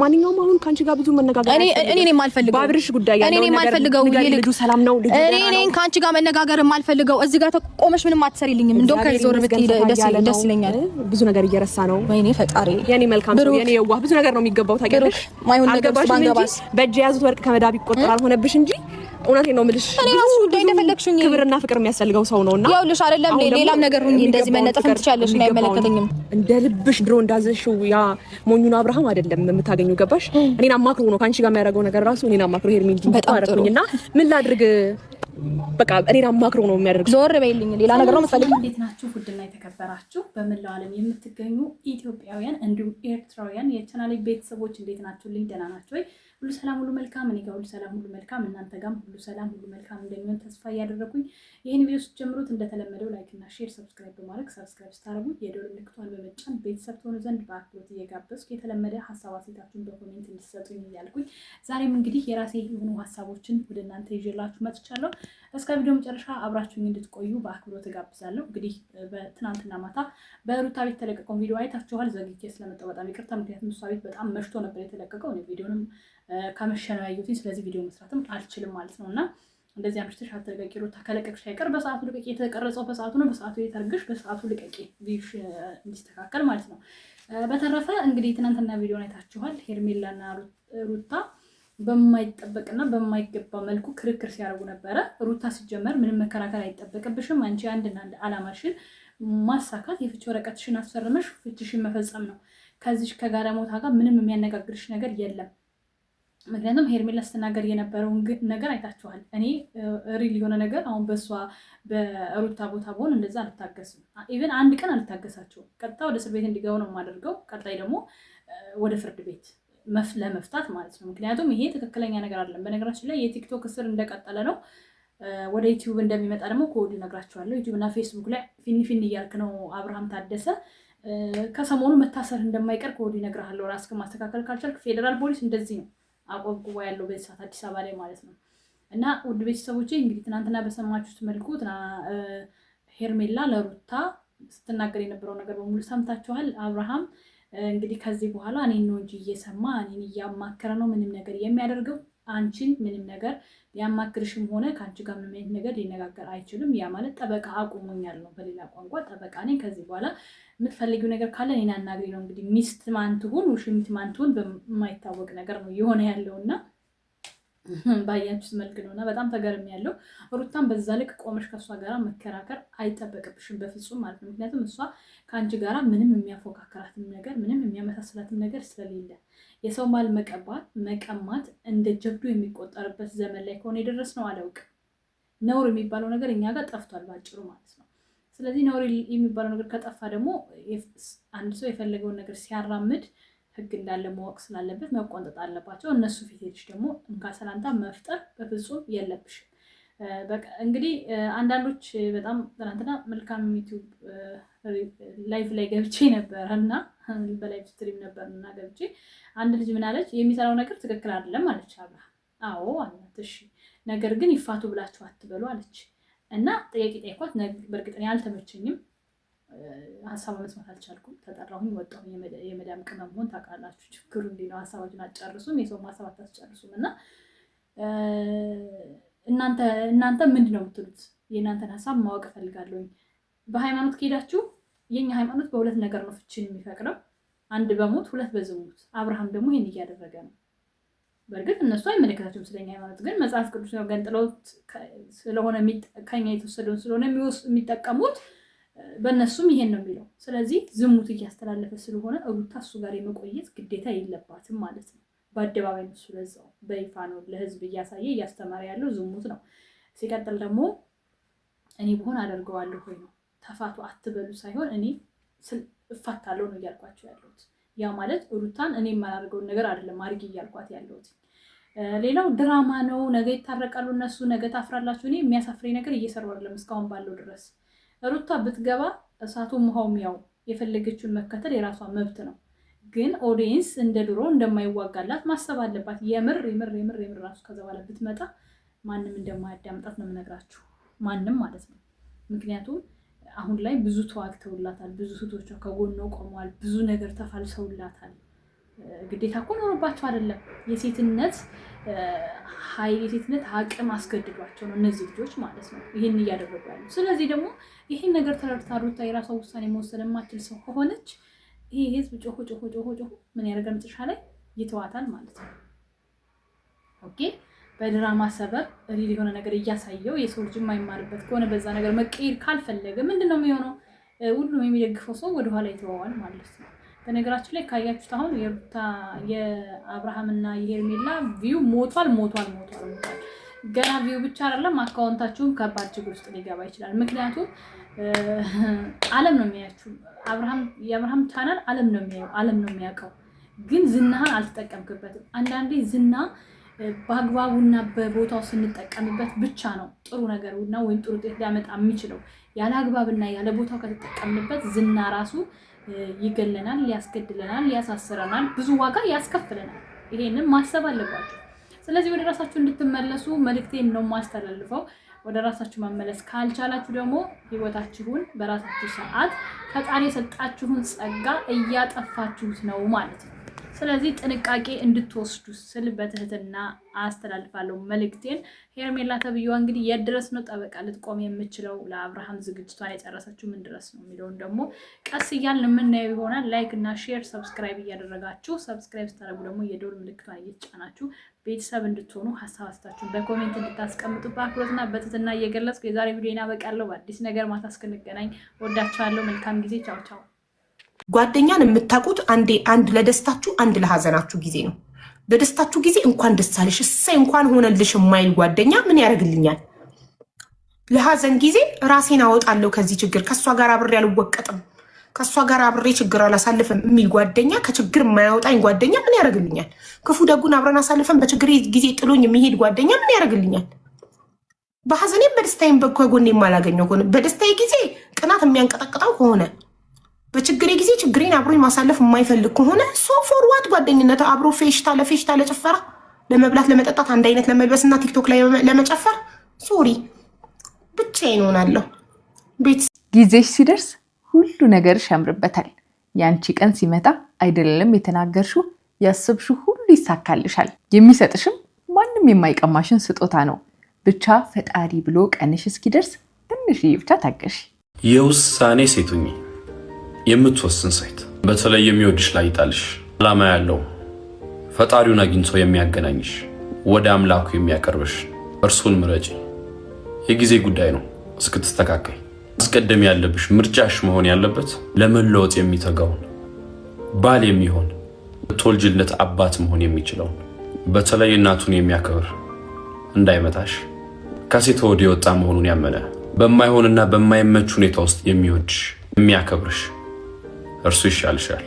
ማንኛውም አሁን ከአንቺ ጋር ብዙ መነጋገር እኔ እኔ የማልፈልገው በአብርሽ ጉዳይ ያለው እኔ የማልፈልገው ልጁ ሰላም ነው። እኔ እኔ ከአንቺ ጋር መነጋገር የማልፈልገው እዚህ ጋር ተቆመሽ ምንም አትሰሪልኝም። እንደውም ከዚህ ዞር ብትይ ደስ ይለኛል። ብዙ ነገር እየረሳ ነው። ወይኔ ፈጣሪ፣ የኔ መልካም ሰው፣ የኔ የዋህ ብዙ ነገር ነው የሚገባው። ታውቂያለሽ፣ ማይሆን ነገር ባንገባስ በእጅ የያዙት ወርቅ ከመዳብ ይቆጠራል ሆነብሽ እንጂ እውነቴን ነው የምልሽ። እኔ ራሱ ሁሉ እንደፈለግሽኝ ክብርና ፍቅር የሚያስፈልገው ሰው ነውና ይኸውልሽ፣ አይደለም ሌላም ነገር ሁኚ፣ እንደዚህ መነጠፍ እንትቻለሽ እና አይመለከተኝም። እንደ ልብሽ ድሮ እንዳዘሽው ያ ሞኙን አብርሃም አይደለም የምታገኙ ገባሽ። እኔን አማክሮ ነው ከአንቺ ጋር የሚያደርገው ነገር ራሱ እኔን አማክሮ ሄድ የሚል በጣም ጥሩ እና ምን ላድርግ በቃ እኔን አማክሮ ነው የሚያደርግ። ዞር በይልኝ፣ ሌላ ነገር ነው መሰለኝ። እንዴት ናችሁ? ውድና የተከበራችሁ በመላው ዓለም የምትገኙ ኢትዮጵያውያን እንዲሁም ኤርትራውያን የቻናሌ ቤተሰቦች እንዴት ናችሁ? ልኝ ደህና ናቸው ወይ? ሁሉ ሰላም፣ ሁሉ መልካም። እኔ ጋር ሁሉ ሰላም፣ ሁሉ መልካም። እናንተ ጋም ሁሉ ሰላም፣ ሁሉ መልካም እንደሚሆን ተስፋ እያደረጉኝ ይህን ቪዲዮ ስትጀምሩት እንደተለመደው ላይክ ላይክና ሼር፣ ሰብስክራይብ በማድረግ ሰብስክራይብ ስታደርጉ የደወል ምልክቷን በመጫን ቤተሰብ ትሆኑ ዘንድ በአክብሮት እየጋበዝኩ የተለመደ ሀሳብ አስተያየታችሁን በኮሜንት እንድትሰጡኝ እያልኩኝ ዛሬም እንግዲህ የራሴ የሆኑ ሀሳቦችን ወደ እናንተ ይዤላችሁ መጥቻለሁ። እስከ ቪዲዮ መጨረሻ አብራችሁኝ እንድትቆዩ በአክብሮት ጋብዛለሁ። እንግዲህ በትናንትና ማታ በሩታ ቤት የተለቀቀውን ቪዲዮ አይታችኋል። ዘግቼ ስለመጣሁ በጣም ይቅርታ። ምክንያቱም እሷ ቤት በጣም መሽቶ ነበር የተለቀቀው። እኔ ቪዲዮንም ከመሸ ነው ስለዚህ ቪዲዮ መስራትም አልችልም ማለት ነው እና እንደዚህ አምሽተሽ አትለቀቂ ሩታ፣ ከለቀቅሽ አይቀር በሰዓቱ ልቀቂ። የተቀረጸው በሰዓቱ ነው። በሰዓቱ የተርግሽ በሰዓቱ ልቀቂ፣ ቪሽ እንዲስተካከል ማለት ነው። በተረፈ እንግዲህ ትናንትና ቪዲዮን አይታችኋል። ሄርሜላና ሩታ በማይጠበቅና በማይገባ መልኩ ክርክር ሲያደርጉ ነበረ። ሩታ ሲጀመር ምንም መከራከል አይጠበቅብሽም። አንቺ አንድና አንድ አላማሽን ማሳካት የፍች ወረቀትሽን አስፈርመሽ ፍችሽን መፈጸም ነው። ከዚሽ ከጋለ ሞታ ጋር ምንም የሚያነጋግርሽ ነገር የለም። ምክንያቱም ሄርሜላ ስትናገር የነበረውን ነገር አይታችኋል። እኔ ሪል የሆነ ነገር አሁን በእሷ በሩታ ቦታ በሆን እንደዛ አልታገስም። ኢቨን አንድ ቀን አልታገሳቸውም። ቀጥታ ወደ እስር ቤት እንዲገቡ ነው የማደርገው። ቀጣይ ደግሞ ወደ ፍርድ ቤት ለመፍታት ማለት ነው። ምክንያቱም ይሄ ትክክለኛ ነገር አይደለም። በነገራችን ላይ የቲክቶክ እስር እንደቀጠለ ነው። ወደ ዩቲዩብ እንደሚመጣ ደግሞ ከወዲሁ እነግራችኋለሁ። ዩቲዩብ እና ፌስቡክ ላይ ፊንፊን እያልክ ነው አብርሃም ታደሰ ከሰሞኑ መታሰር እንደማይቀር ከወዲሁ እነግርሃለሁ። ራስክ ማስተካከል ካልቻልክ ፌዴራል ፖሊስ እንደዚህ ነው አቆብቁባ ያለው በዚህ ሰዓት አዲስ አበባ ላይ ማለት ነው። እና ውድ ቤተሰቦቼ እንግዲህ ትናንትና በሰማችሁት መልኩ ሄርሜላ ለሩታ ስትናገር የነበረው ነገር በሙሉ ሰምታችኋል። አብርሃም እንግዲህ ከዚህ በኋላ እኔን ነው እንጂ እየሰማ እኔን እያማከረ ነው ምንም ነገር የሚያደርገው አንቺን ምንም ነገር ሊያማክርሽም ሆነ ከአንቺ ጋር ምንም አይነት ነገር ሊነጋገር አይችልም። ያ ማለት ጠበቃ አቁሞኛል ነው፣ በሌላ ቋንቋ ጠበቃ ነኝ። ከዚህ በኋላ የምትፈልጊው ነገር ካለ እኔን አናግሪ ነው። እንግዲህ ሚስት ማን ትሁን ውሽሚት ማን ትሁን በማይታወቅ ነገር ነው የሆነ ያለውና ባያችሁት መልክ ነው እና በጣም ተገርም ያለው ሩታን በዛ ልክ ቆመሽ ከእሷ ጋራ መከራከር አይጠበቅብሽም በፍጹም ማለት ነው። ምክንያቱም እሷ ከአንቺ ጋራ ምንም የሚያፎካከራትም ነገር ምንም የሚያመሳስላትም ነገር ስለሌለ የሰው ማል መቀባት መቀማት እንደ ጀብዱ የሚቆጠርበት ዘመን ላይ ከሆነ የደረስ ነው አላውቅም። ነውር የሚባለው ነገር እኛ ጋር ጠፍቷል በአጭሩ ማለት ነው። ስለዚህ ነውር የሚባለው ነገር ከጠፋ ደግሞ አንድ ሰው የፈለገውን ነገር ሲያራምድ ህግ እንዳለ ማወቅ ስላለበት መቆንጠጥ አለባቸው። እነሱ ፊት ሄድሽ ደግሞ እንካ ሰላምታ መፍጠር በፍጹም የለብሽ እንግዲህ አንዳንዶች በጣም ትናንትና መልካም ዩቲዩብ ላይፍ ላይ ገብቼ ነበረ እና በላይፍ ስትሪም ነበር እና ገብቼ አንድ ልጅ ምናለች የሚሰራው ነገር ትክክል አይደለም አለች። አብርሃም አዎ አላት። እሺ ነገር ግን ይፋቱ ብላችሁ አትበሉ አለች እና ጥያቄ ጠይኳት። በእርግጥ እኔ አልተመቸኝም ሀሳብ መስማት አልቻልኩም። ተጠራሁኝ፣ ወጣሁ። የመዳም ቅመም ሆን ታውቃላችሁ፣ ችግሩ እንዲህ ነው። ሀሳባችን አትጨርሱም፣ የሰውም ሀሳብ አታስጨርሱም። እና እናንተ እናንተ ምንድን ነው የምትሉት? የእናንተን ሀሳብ ማወቅ እፈልጋለሁኝ። በሃይማኖት ከሄዳችሁ የኛ ሃይማኖት በሁለት ነገር ነው ፍችን የሚፈቅደው፣ አንድ በሞት ሁለት በዝሙት። አብርሃም ደግሞ ይህን እያደረገ ነው። በእርግጥ እነሱ አይመለከታቸውም ስለኛ ሃይማኖት፣ ግን መጽሐፍ ቅዱስ ነው ገንጥለውት ስለሆነ ከኛ የተወሰደውን ስለሆነ የሚጠቀሙት በእነሱም ይሄን ነው የሚለው። ስለዚህ ዝሙት እያስተላለፈ ስለሆነ ሩታ እሱ ጋር የመቆየት ግዴታ የለባትም ማለት ነው። በአደባባይ ነሱ ለዛው በይፋ ነው ለህዝብ እያሳየ እያስተማረ ያለው ዝሙት ነው። ሲቀጥል ደግሞ እኔ ብሆን አደርገዋለሁ ወይ ነው ተፋቱ አትበሉ ሳይሆን እኔ እፋታለሁ ነው እያልኳቸው ያለሁት። ያ ማለት ሩታን እኔ የማላደርገውን ነገር አይደለም አድርጊ እያልኳት ያለሁት። ሌላው ድራማ ነው፣ ነገ ይታረቃሉ እነሱ ነገ ታፍራላችሁ። እኔ የሚያሳፍሬ ነገር እየሰሩ አይደለም እስካሁን ባለው ድረስ ሩታ ብትገባ እሳቱ ውሃውም ያው የፈለገችውን መከተል የራሷ መብት ነው። ግን ኦዲየንስ እንደ ድሮ እንደማይዋጋላት ማሰብ አለባት። የምር የምር የምር የምር ራሱ ከዛ በኋላ ብትመጣ ማንም እንደማያዳምጣት ነው የምነግራችሁ፣ ማንም ማለት ነው። ምክንያቱም አሁን ላይ ብዙ ተዋግተውላታል፣ ብዙ እህቶቿ ከጎኗ ቆመዋል፣ ብዙ ነገር ተፋልሰውላታል። ግዴታ እኮ ኖሮባቸው አይደለም። የሴትነት ኃይል የሴትነት አቅም አስገድዷቸው ነው እነዚህ ልጆች ማለት ነው ይህን እያደረጉ ያሉ። ስለዚህ ደግሞ ይህን ነገር ተረድታ ሩታ የራሷ ውሳኔ መወሰን የማችል ሰው ከሆነች ይሄ ህዝብ ጮሆ ጮሆ ጮሆ ጮሆ ምን ያደርጋል? መጨረሻ ላይ ይተዋታል ማለት ነው። ኦኬ በድራማ ሰበብ ሪል የሆነ ነገር እያሳየው የሰው ልጅ የማይማርበት ከሆነ በዛ ነገር መቀየር ካልፈለገ ምንድን ነው የሚሆነው? ሁሉም የሚደግፈው ሰው ወደኋላ ይተዋዋል ማለት ነው። በነገራችን ላይ ካያችሁት አሁን የሩታ የአብርሃምና የሄርሜላ ቪው ሞቷል ሞቷል ሞቷል ሞቷል። ገና ቪው ብቻ አይደለም አካውንታችሁን ከባድ ችግር ውስጥ ሊገባ ይችላል። ምክንያቱም ዓለም ነው የሚያያችሁ። የአብርሃም ቻናል ዓለም ነው የሚያየው፣ ዓለም ነው የሚያውቀው። ግን ዝናህን አልተጠቀምክበትም። አንዳንዴ ዝና በአግባቡና በቦታው ስንጠቀምበት ብቻ ነው ጥሩ ነገርና ወይም ጥሩ ውጤት ሊያመጣ የሚችለው። ያለ አግባብና ያለ ቦታው ከተጠቀምንበት ዝና ራሱ ይገለናል፣ ሊያስገድለናል፣ ሊያሳስረናል፣ ብዙ ዋጋ ያስከፍለናል። ይሄንን ማሰብ አለባቸው። ስለዚህ ወደ ራሳችሁ እንድትመለሱ መልእክቴን ነው ማስተላልፈው። ወደ ራሳችሁ መመለስ ካልቻላችሁ ደግሞ ህይወታችሁን በራሳችሁ ሰዓት ፈጣሪ የሰጣችሁን ጸጋ እያጠፋችሁት ነው ማለት ነው። ስለዚህ ጥንቃቄ እንድትወስዱ ስል በትህትና አስተላልፋለሁ መልእክቴን። ሄርሜላ ተብዬዋ እንግዲህ የት ድረስ ነው ጠበቃ ልትቆም የምችለው? ለአብርሃም ዝግጅቷን የጨረሰችው ምን ድረስ ነው የሚለውን ደግሞ ቀስ እያልን የምናየው ይሆናል። ላይክ እና ሼር፣ ሰብስክራይብ እያደረጋችሁ ሰብስክራይብ ስታደርጉ ደግሞ የደወል ምልክቷን እየተጫናችሁ ቤተሰብ እንድትሆኑ ሀሳብ አስታችሁን በኮሜንት እንድታስቀምጡ በአክብሮትና በትህትና እየገለጽኩ የዛሬ ቪዲዮ አበቃለሁ። በአዲስ ነገር ማታ እስክንገናኝ ወዳችኋለሁ። መልካም ጊዜ። ቻው ቻው ጓደኛን የምታውቁት አንድ ለደስታችሁ አንድ ለሀዘናችሁ ጊዜ ነው። በደስታችሁ ጊዜ እንኳን ደስ እሰይ እንኳን ሆነልሽ የማይል ጓደኛ ምን ያደርግልኛል? ለሀዘን ጊዜ ራሴን አወጣለሁ ከዚህ ችግር፣ ከእሷ ጋር አብሬ አልወቀጥም፣ ከእሷ ጋር አብሬ ችግር አላሳልፍም የሚል ጓደኛ፣ ከችግር የማያወጣኝ ጓደኛ ምን ያደርግልኛል? ክፉ ደጉን አብረን አሳልፈን በችግር ጊዜ ጥሎኝ የሚሄድ ጓደኛ ምን ያደርግልኛል? በሀዘኔም በደስታዬም ከጎኔ የማላገኘው ከሆነ በደስታዬ ጊዜ ቅናት የሚያንቀጠቅጠው ከሆነ በችግሬ ጊዜ ችግሬን አብሮኝ ማሳለፍ የማይፈልግ ከሆነ ሶፎርዋት ጓደኝነት አብሮ ፌሽታ ለፌሽታ ለጭፈራ ለመብላት ለመጠጣት አንድ አይነት ለመልበስ እና ቲክቶክ ላይ ለመጨፈር ሶሪ ብቻዬን እሆናለሁ። ቤት ጊዜሽ ሲደርስ ሁሉ ነገርሽ ያምርበታል። የአንቺ ቀን ሲመጣ አይደለም የተናገርሽው ያሰብሽው ሁሉ ይሳካልሻል። የሚሰጥሽም ማንም የማይቀማሽን ስጦታ ነው። ብቻ ፈጣሪ ብሎ ቀንሽ እስኪደርስ ትንሽ ብቻ ታገሽ። የውሳኔ ሴቱኝ የምትወስን ሴት በተለይ የሚወድሽ ላይ ይጣልሽ፣ ዓላማ ያለው ፈጣሪውን አግኝቶ የሚያገናኝሽ፣ ወደ አምላኩ የሚያቀርብሽ እርሱን ምረጪ። የጊዜ ጉዳይ ነው እስክትስተካከይ። አስቀደም ያለብሽ ምርጫሽ መሆን ያለበት ለመለወጥ የሚተጋውን ባል የሚሆን ትወልጅለት አባት መሆን የሚችለውን በተለይ እናቱን የሚያከብር እንዳይመታሽ ከሴት ወደ የወጣ መሆኑን ያመነ በማይሆንና በማይመች ሁኔታ ውስጥ የሚወድሽ የሚያከብርሽ እርሱ ይሻልሻል።